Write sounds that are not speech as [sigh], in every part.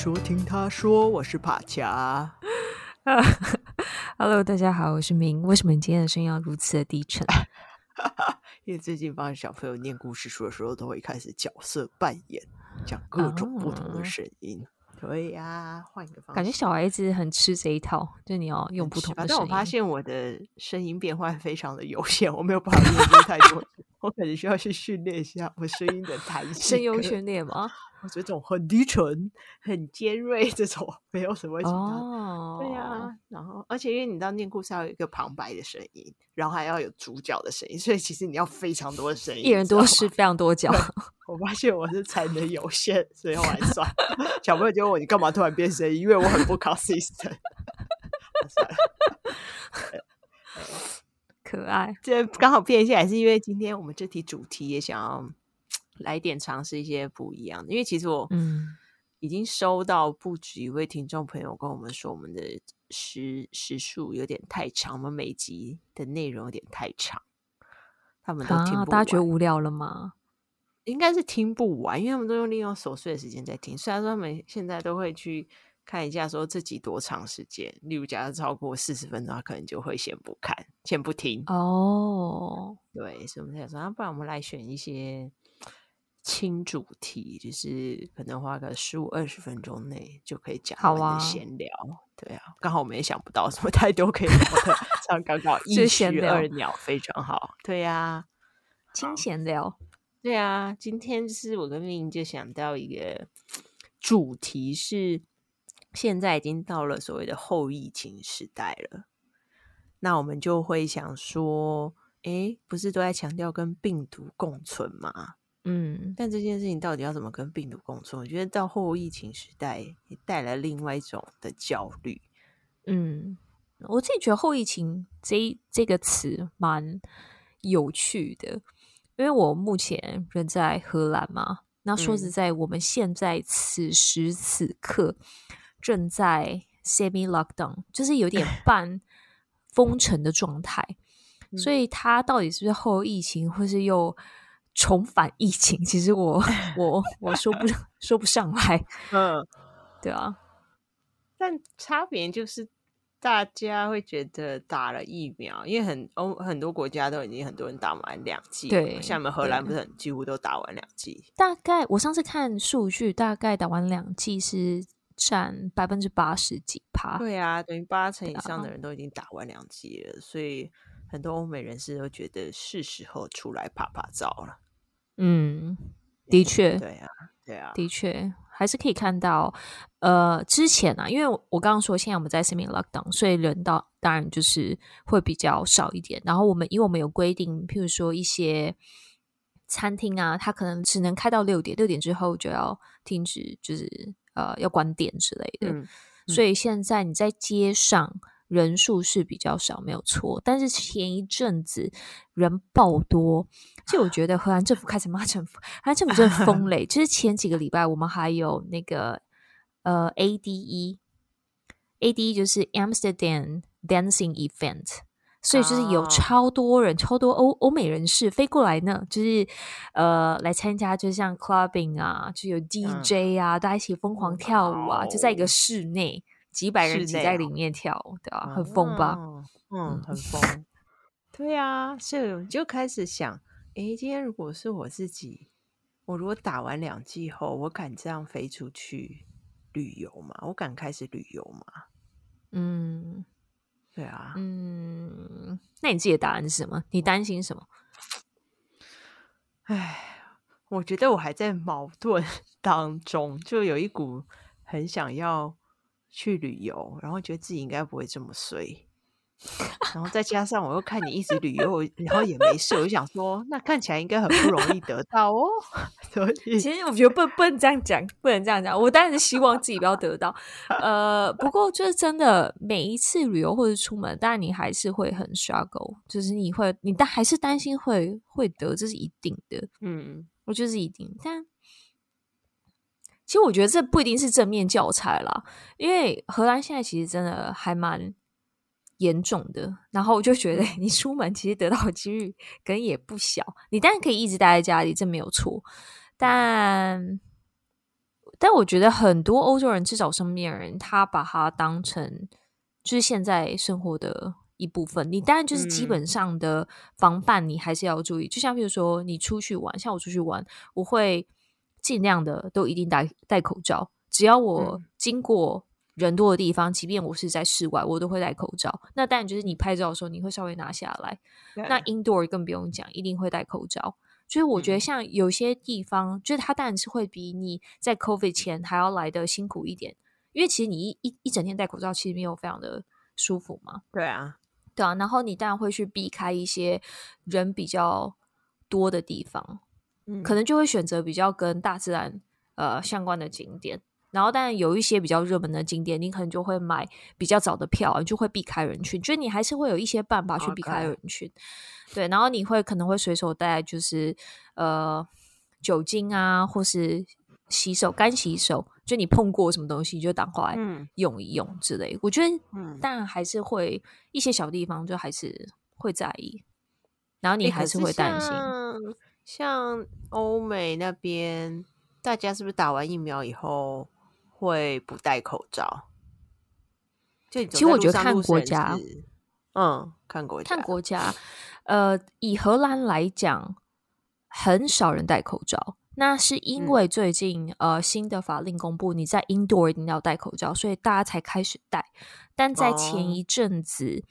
說聽他說我是帕恰。Uh, hello，大家好，我是明。為什麼你今天的聲音要如此的低沉？ [laughs] 因為最近幫小朋友念故事書的時候，都會開始角色扮演，講各種不同的聲音。可以啊，換一個方式，感覺小孩子很吃這一套，就你要用不同的聲音。但我發現我的聲音變化非常的有限，我沒有辦法用太多。 [laughs] 我可能需要去訓練一下我聲音的彈性，聲優訓練嗎？我覺得這種很低沉，很尖銳，這種沒有什麼哦。Oh. 對呀、啊、然後而且因為你知道念故事要有一個旁白的聲音，然後還要有主角的聲音，所以其實你要非常多的聲音，一人多飾非常多角。我發現我是才能有限， [laughs] 所以我還算。小朋友就問我你幹嘛突然變聲音？因為我很不 consistent。 [laughs] 算可愛，這剛好變現，還是因為今天我們這題主題也想要來點嘗試一些不一樣的。因為其實我嗯，已經收到不止一位聽眾朋友跟我們說，我們的時時數有點太長，我們每集的內容有點太長，他們都聽不完。啊？大家覺得無聊了嗎？應該是聽不完，因為他們都用利用瑣碎的時間在聽。雖然說他們現在都會去。看一下，說自己多長時間。例如，假如超過四十分鐘，他可能就會先不看，先不聽。哦、oh.，對，所以我們想說，不然我們來選一些輕主題，就是可能花個十五二十分鐘內就可以講好啊，閒聊。對啊，剛好我們也想不到什麼太多可以這樣，剛剛一石二鳥，非常好。 [laughs] 閒對呀、啊，輕閒聊。對啊，今天就是我跟命就想到一個主題是。現在已經到了所謂的後疫情時代了，那我們就會想說，誒，不是都在強調跟病毒共存嗎？嗯，但這件事情到底要怎麼跟病毒共存？我覺得到後疫情時代也帶來另外一種的焦慮。嗯，我自己覺得「後疫情」這這個詞蠻有趣的，因為我目前人在荷蘭嘛。那說實在，我們現在此時此刻。嗯正在 semi lockdown，就是有點半封城的狀態，嗯，所以他到底是不是後疫情，或是又重返疫情？其實我我我說不 [laughs] 說不上來。嗯，對啊。但差別就是大家會覺得打了疫苗，因為很哦，很多國家都已經很多人打完兩劑，對，像我們荷蘭不是很幾乎都打完兩劑？大概我上次看數據，大概打完兩劑是。佔百分之八十幾趴，對啊，等於八成以上的人都已經打完兩劑了，啊，所以很多歐美人士都覺得是時候出來拍拍照了。嗯，的確，嗯，對啊，對啊，的確，還是可以看到，呃，之前啊，因為我剛剛說現在我們在 semi lockdown，所以人到當然就是會比較少一點。然後我們因為我們有規定，譬如說一些餐廳啊，它可能只能開到六點，六點之後就要停止，就是。呃，要關店之類的、嗯，所以現在你在街上人數是比較少，嗯、沒有錯。但是前一陣子人爆多，就我覺得荷蘭政府開始罵政府，荷 [laughs] 蘭政府真瘋了。就是前幾個禮拜，我們還有那個 [laughs] 呃，A D E，A D E 就是 Amsterdam Dancing Event。所以就是有超多人、啊、超多歐歐美人士飛過來呢，就是呃來參加，就像 clubbing 啊，就有 DJ 啊，大、嗯、家一起瘋狂跳舞啊、嗯，就在一個室內幾百人擠在裡面跳舞、啊，對吧、啊？很瘋吧？嗯，嗯，很瘋。 [laughs] 對啊，是就開始想，誒，今天如果是我自己，我如果打完兩劑後，我敢這樣飛出去旅遊嗎？我敢開始旅遊嗎？嗯。對啊，嗯，那你自己的答案是什麼？你擔心什麼？哎，我覺得我還在矛盾當中，就有一股很想要去旅遊，然後覺得自己應該不會這麼衰。然後再加上我又看你一直旅遊， [laughs] 然後也沒事，我就想說，那看起來應該很不容易得到哦。 [laughs] 其實我覺得不不能這樣講，不能這樣講。我當然是希望自己不要得到， [laughs] 呃，不過就是真的，每一次旅遊或者出門，當然你還是會很 struggle，就是你會你但還是擔心會會得，這是一定的。嗯，我覺得是一定。但其實我覺得這不一定是正面教材啦，因為荷蘭現在其實真的還蠻嚴重的，然後我就覺得你出門其實得到的幾率可能也不小，你當然可以一直待在家裡，這沒有錯。但但我覺得很多歐洲人，至少身邊人，他把它當成就是現在生活的一部分。你當然就是基本上的防範，你還是要注意。嗯、就像比如說，你出去玩，像我出去玩，我會盡量的都一定戴戴口罩。只要我經過人多的地方，即便我是在室外，我都會戴口罩。那當然就是你拍照的時候，你會稍微拿下來。嗯、那 indoor 更不用講，一定會戴口罩。所以我覺得，像有些地方，嗯、就是它當然是會比你在 COVID 前還要來的辛苦一點，因為其實你一一一整天戴口罩，其實沒有非常的舒服嘛。對啊，對啊，然後你當然會去避開一些人比較多的地方，嗯，可能就會選擇比較跟大自然、嗯、呃相關的景點。然後，但有一些比較熱門的景點，你可能就會買比較早的票，就會避開人群。就你還是會有一些辦法去避開人群，okay. 對。然後你會可能會隨手帶，就是呃酒精啊，或是洗手乾洗手，就你碰過什麼東西，你就當回來用一用之類。嗯、我覺得、嗯，但還是會一些小地方就還是會在意，然後你還是會擔心。欸、像，像歐美那邊，大家是不是打完疫苗以後？會不戴口罩其？其實我覺得看國家，嗯，看國家，看國家。呃，以荷蘭來講，很少人戴口罩，那是因為最近、嗯、呃新的法令公布，你在 indoor 一定要戴口罩，所以大家才開始戴。但在前一陣子，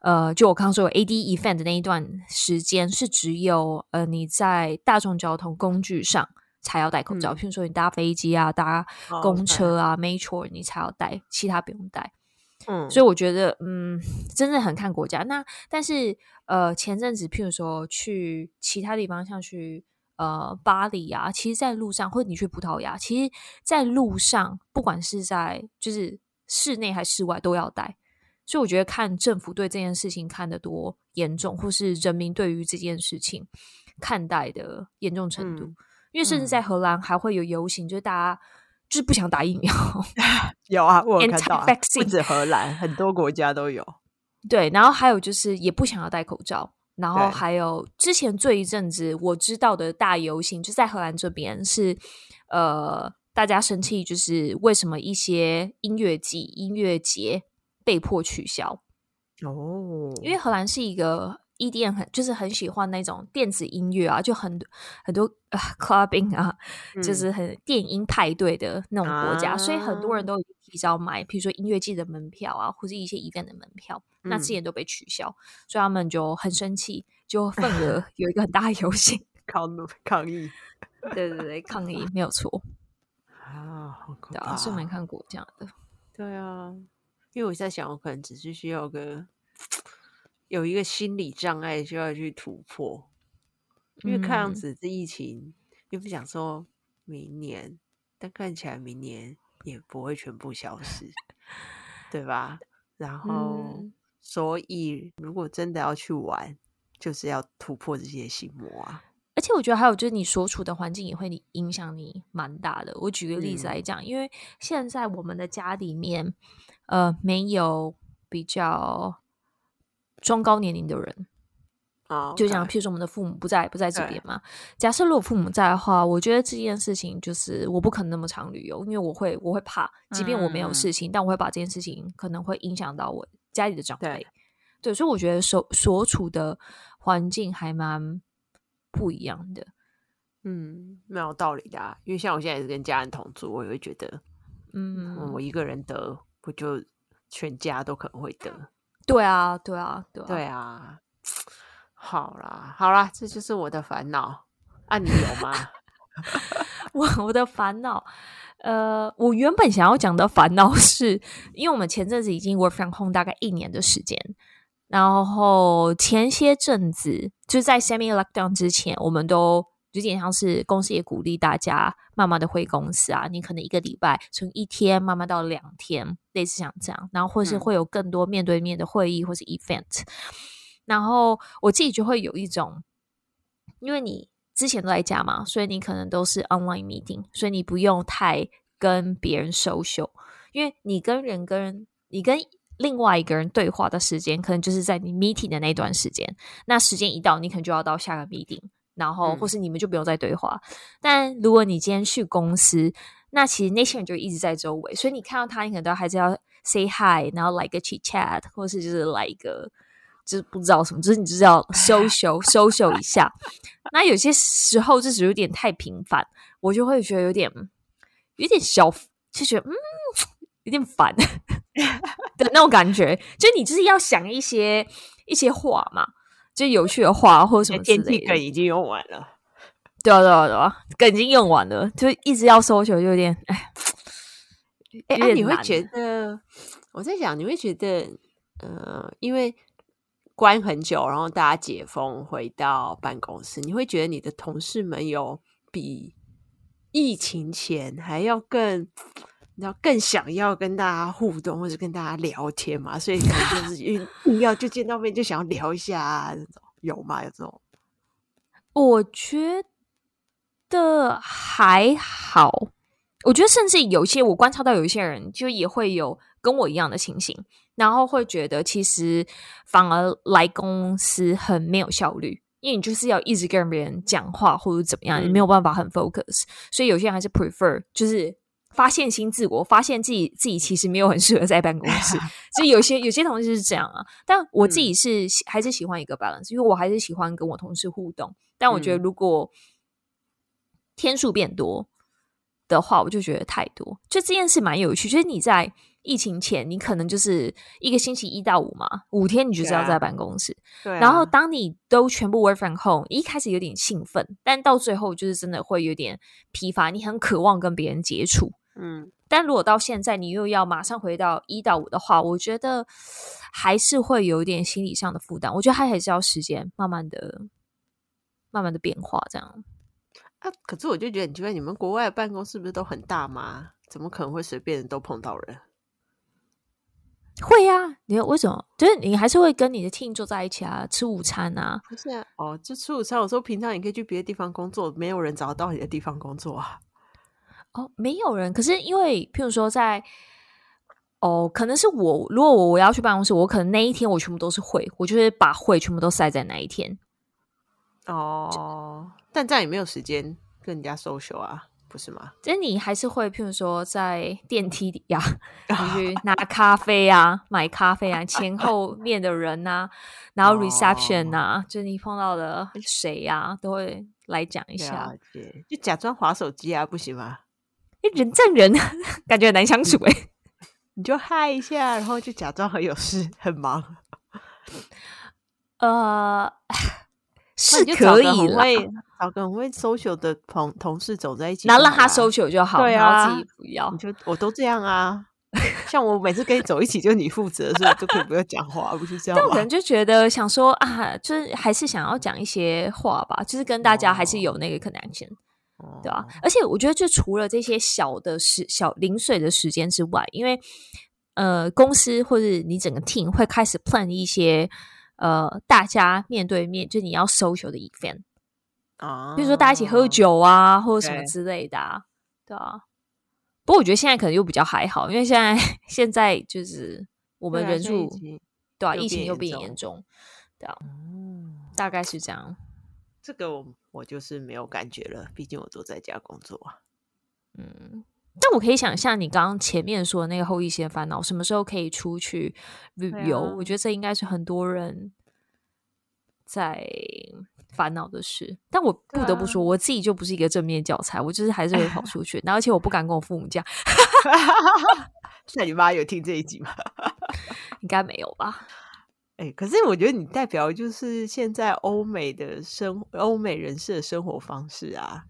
哦、呃，就我剛剛說 AD event 的那一段時間，是只有呃你在大眾交通工具上。才要戴口罩，嗯，譬如說你搭飛機啊，搭公車啊，Metro，你才要戴，其他不用戴。嗯，所以我覺得，嗯，真的很看國家。那但是，呃，前陣子譬如說去其他地方，像去呃巴黎啊，其實在路上，或者你去葡萄牙，其實在路上，不管是在就是室內還是室外，都要戴。所以我覺得，看政府對這件事情看得多嚴重，或是人民對於這件事情看待的嚴重程度。嗯因為甚至在荷蘭還會有遊行，嗯、就是大家就是不想打疫苗，有啊，我看到、啊、 [laughs] 不止荷蘭， [laughs] 很多國家都有。對，然後還有就是也不想要戴口罩，然後還有之前這一陣子我知道的大遊行，就在荷蘭這邊是，呃，大家生氣就是為什麼一些音樂季、音樂節被迫取消哦，因為荷蘭是一個。EDM 很就是很喜歡那種電子音樂啊，就很很多啊、呃、，clubbing 啊、嗯，就是很電音派對的那種國家，啊、所以很多人都提早買，比如說音樂季的門票啊，或者一些 event 的門票，那之前都被取消，嗯，所以他們就很生氣，就憤而有一個很大的遊行 [laughs] 抗抗議，對對對，抗議 [laughs] 沒有錯啊、oh, 好恐怖啊，對啊，是沒看過這樣的，對啊，因為我在想，我可能只是需要個。有一個心理障礙就要去突破，因為看樣子這疫情、嗯、又不想說明年，但看起來明年也不會全部消失， [laughs] 對吧？然後，嗯、所以如果真的要去玩，就是要突破這些心魔啊！而且我覺得還有就是你所處的環境也會影響你蠻大的。我舉個例子來講、嗯，因為現在我們的家裡面呃沒有比較。中高年齡的人，啊、oh, okay.，就像譬如說，我們的父母不在，不在這邊嘛。假設如果父母在的話，我覺得這件事情就是我不可能那麼常旅遊，因為我會，我會怕，即便我沒有事情，嗯、但我會把這件事情可能會影響到我家裡的長輩。對，所以我覺得所所處的環境還蠻不一樣的。嗯，沒有道理的、啊，因為像我現在也是跟家人同住，我也會覺得嗯，嗯，我一個人得，我就全家都可能會得。對啊，對啊，對啊。對啊，好啦好啦，這就是我的煩惱。那、啊、你有嗎？ [laughs] 我我的煩惱，呃，我原本想要講的煩惱是，是因為我們前陣子已經 work from home 大概一年的時間，然後前些陣子就是、在 semi-lockdown 之前，我們都。就有點像是公司也鼓勵大家慢慢的回公司啊，你可能一個禮拜從一天慢慢到兩天，類似像這樣，然後或是會有更多面對面的會議或是 event。嗯。然後我自己就會有一種，因為你之前都在家嘛，所以你可能都是 online meeting，所以你不用太跟別人 social，因為你跟人跟，你跟另外一個人對話的時間，可能就是在你 meeting 的那段時間，那時間一到，你可能就要到下個 meeting。然後，或是你們就不用再對話，嗯。但如果你今天去公司，那其實那些人就一直在周圍，所以你看到他，你可能都還是要 say hi，然後來個 chit chat，或是就是來一個，就是不知道什麼，就是你就是要 social social 一下。那有些時候就是有點太頻繁，我就會覺得有點有點小，就覺得嗯有點煩的 [laughs] 那種感覺。就你就是要想一些一些話嘛。最有趣的話，或者說什麼之類的。電梯梗已經用完了，對啊對啊對啊，梗已經用完了，就一直要搜求，就有點哎。哎、欸啊，你會覺得？我在想，你會覺得，嗯、呃，因為關很久，然後大家解封回到辦公室，你會覺得你的同事們有比疫情前還要更。然後更想要跟大家互動，或者跟大家聊天嘛？所以可能就是因為你要就見到面就想要聊一下啊、這種，有嗎？有這種？我覺得還好。我覺得甚至有一些我觀察到有一些人就也會有跟我一樣的情形，然後會覺得其實反而來公司很沒有效率，因為你就是要一直跟別人講話或者怎麼樣，你、嗯、沒有辦法很 focus。所以有些人還是 prefer 就是。發現新自我發現自己自己其實沒有很適合在辦公室，所 [laughs] 以有些有些同事是這樣啊。但我自己是還是喜歡一個 balance，、嗯、因為我還是喜歡跟我同事互動。但我覺得如果天數變多的話、嗯，我就覺得太多。就這件事蠻有趣，就是你在疫情前，你可能就是一個星期一到五嘛，五天你就是要在辦公室，對、啊。然後當你都全部 work from home 後，一開始有點興奮，但到最後就是真的會有點疲乏，你很渴望跟別人接觸。嗯，但如果到現在你又要馬上回到一到五的話，我覺得還是會有一點心理上的負擔。我覺得還是要時間，慢慢的、慢慢的變化這樣。啊，可是我就覺得，你覺得你們國外的辦公室不是都很大嗎？怎麼可能會隨便都碰到人？會呀、啊，你為什麼？就是你還是會跟你的 team 坐在一起啊，吃午餐啊？不是、啊、哦，就吃午餐。我說平常你可以去別的地方工作，沒有人找得到你的地方工作啊。哦，沒有人。可是因為，譬如說在，在哦，可能是我，如果我我要去辦公室，我可能那一天我全部都是會，我就是把會全部都塞在那一天。哦、oh，但在也沒有時間跟人家 social 啊，不是嗎？即你還是會譬如說在電梯裡呀、啊，你 [laughs] 去拿咖啡啊、買咖啡啊， [laughs] 前後面的人吶、啊，然後 reception 吶、啊，oh. 就你碰到的誰呀、啊，都會來講一下，就假裝滑手機啊，不行嗎？人撞人，感覺很難相處、欸、你就嗨一下，然後就假裝很有事、很忙。呃， [laughs] 是，可以了。找跟很會 social 的同同事走在一起，那讓他 social 就好對、啊，然後自己不要。我都這樣啊， [laughs] 像我每次跟你走一起，就你負責，所以我就可以不要講話， [laughs] 不是這樣。那可能就覺得想說啊，就是還是想要講一些話吧，就是跟大家還是有那個可能性。哦對啊，而且我覺得，就除了這些小的時、小零碎的時間之外，因為呃，公司或者你整個 team 會開始 plan 一些呃，大家面對面，就你要 social 的 event 啊，比如說大家一起喝酒啊，或者什麼之類的啊。對啊，對，不過我覺得現在可能又比較還好，因為現在現在就是我們人數，對啊，疫情又比較嚴重，對啊、嗯，大概是這樣。這個我們。我就是沒有感覺了，畢竟我都在家工作。嗯，但我可以想象你剛剛前面說的那個後疫情的煩惱，什麼時候可以出去旅遊，啊？我覺得這應該是很多人在煩惱的事。但我不得不說，啊、我自己就不是一個正面教材，我就是還是會跑出去，哎、然後而且我不敢跟我父母講。那 [laughs] [laughs] [laughs] 你媽有聽這一集嗎？ [laughs] 應該沒有吧。哎、欸，可是我覺得你代表就是現在歐美的生歐美人士的生活方式啊，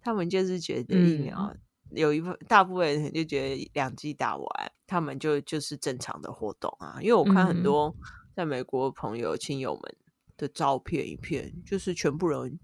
他們就是覺得疫苗，嗯、有一部大部分人就覺得兩劑打完，他們就就是正常的活動啊。因為我看很多在美國朋友親，嗯、友們的照片一片，就是全部人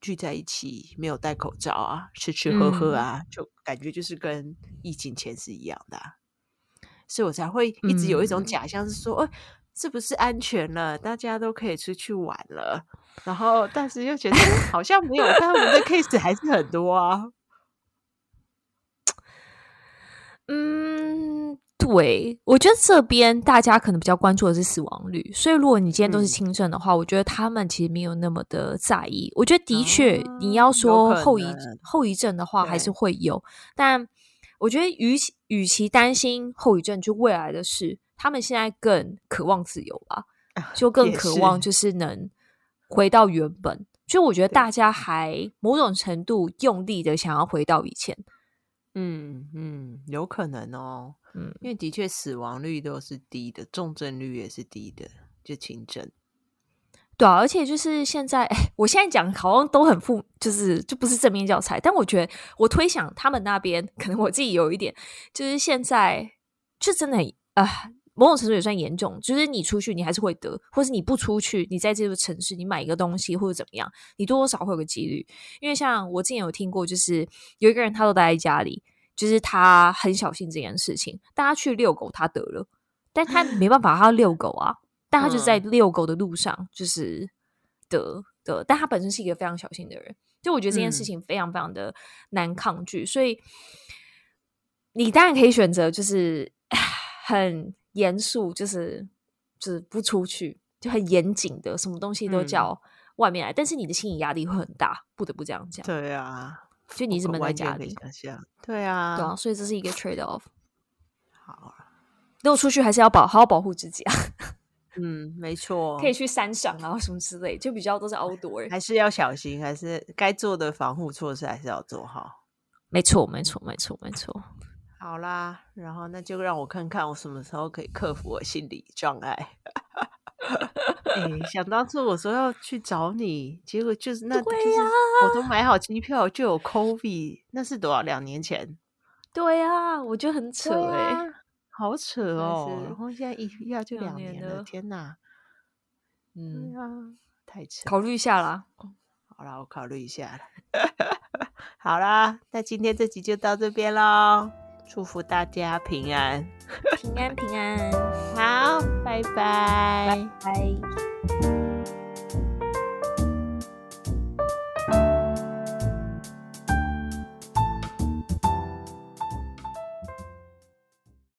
聚在一起，沒有戴口罩啊，吃吃喝喝啊，就感覺就是跟疫情前是一樣的，啊，所以我才會一直有一種假象是說，哎、嗯。欸是不是安全了？大家都可以出去玩了。然後，但是又覺得好像沒有，但 [laughs] 我們的 case 還是很多啊。 [laughs] 嗯，對，我覺得這邊大家可能比較關注的是死亡率，所以如果你今天都是輕症的話，嗯、我覺得他們其實沒有那麼的在意。我覺得的確，你要說後遺、嗯、後遺症的話，還是會有。但我覺得與其與其擔心後遺症，就未來的事。他們現在更渴望自由吧，就更渴望就是能回到原本。就我覺得大家還某種程度用力的想要回到以前。嗯嗯，有可能哦。嗯，因為的確死亡率都是低的，重症率也是低的，就輕症。對啊，而且就是現在，哎，我現在講好像都很負，就是就不是正面教材。但我覺得我推想他們那邊可能我自己有一點，就是現在就真的很啊。某種程度也算嚴重，就是你出去你還是會得，或是你不出去，你在這個城市你買一個東西或者怎麼樣，你多多少少會有個幾率。因為像我之前有聽過，就是有一個人他都待在家裡，就是他很小心這件事情。但他去遛狗，他得了，但他沒辦法，他要遛狗啊。 [laughs] 但他就是在遛狗的路上，就是得、嗯、得，但他本身是一個非常小心的人，就我覺得這件事情非常非常的難抗拒。嗯、所以你當然可以選擇，就是很。嚴肅，就是就是不出去，就很嚴謹的，什麼東西都叫外面來。嗯、但是你的心理壓力會很大，不得不這樣講。對啊，就你一直悶在家裡？對啊，對啊，所以這是一個 trade off。好啊，那我出去還是要保，好好保護自己啊。 [laughs] 嗯，沒錯，可以去山上啊，然後什麼之類，就比較都是 outdoor，還是要小心，還是該做的防護措施還是要做好。沒錯，沒錯，沒錯，沒錯。好啦，然後那就讓我看看我什麼時候可以克服我心理障礙。 [laughs] [laughs] 欸、想當初我說要去找你，結果就是那就是、啊、我都買好機票，就有 COVID，那是多少？兩年前？對呀、啊，我覺得很扯哎、欸啊，好扯哦。然後現在一要就兩年了，年了，天吶，嗯，啊、太扯。考慮一下啦、哦，好啦，我考慮一下 [laughs] 好啦，那今天這集就到這邊嘍。祝福大家平安， [laughs] 平安平安，好，拜拜，拜拜。拜拜。